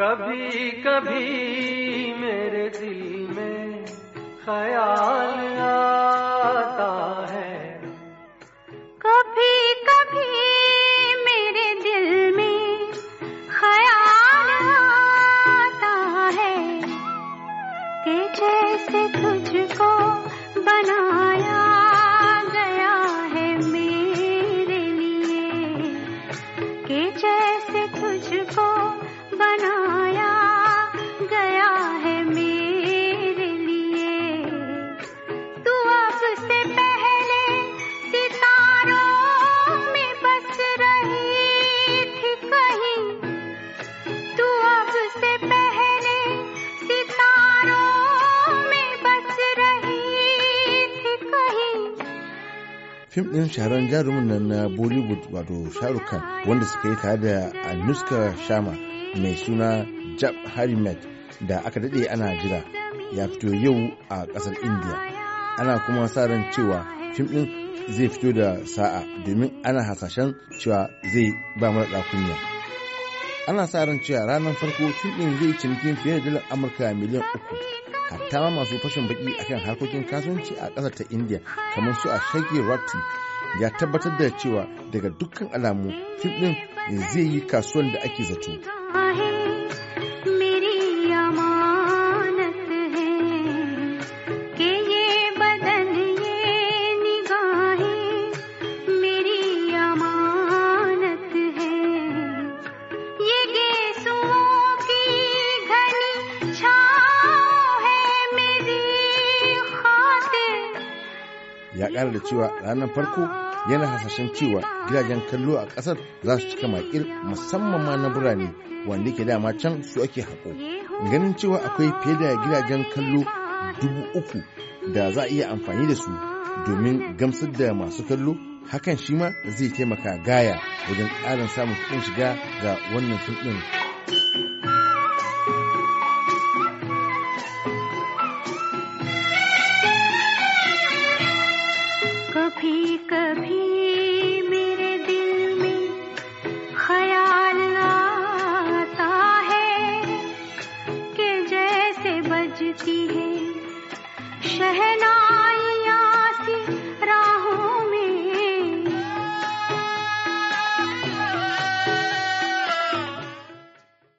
कभी कभी मेरे दिल में ख्याल आता है कभी कभी मेरे दिल में ख्याल आता है कि जैसे तुझको बनाया गया है मेरे लिए कि जैसे तुझको fim ɗin shaharar jarumin nan na bollywood wato sharukan wanda suka yi tare da anuska shama mai suna jab harimet da aka daɗe ana jira ya fito yau a ƙasar india ana kuma sa ran cewa fim ɗin zai fito da sa'a domin ana hasashen cewa zai ba mara ɗakunya ana sa ran cewa ranar farko fim ɗin zai cinikin fiye da dalar amurka miliyan uku hatta ma masu fashin baki akan harkokin kasuwanci a ƙasar ta india kamar su a shaggy ratti ya tabbatar da cewa daga dukkan alamu fim ɗin zai yi kasuwan da ake zato. ya ƙara da cewa ranar farko yana hasashen cewa gidajen kallo a ƙasar za su cika makil musamman ma na birane wanda ke dama can su ake haƙo ganin cewa akwai fiye da gidajen kallo dubu uku da za a iya amfani da su domin gamsar da masu kallo hakan shi ma zai taimaka gaya wajen ƙarin samun kuɗin shiga ga wannan fim ɗin. शहना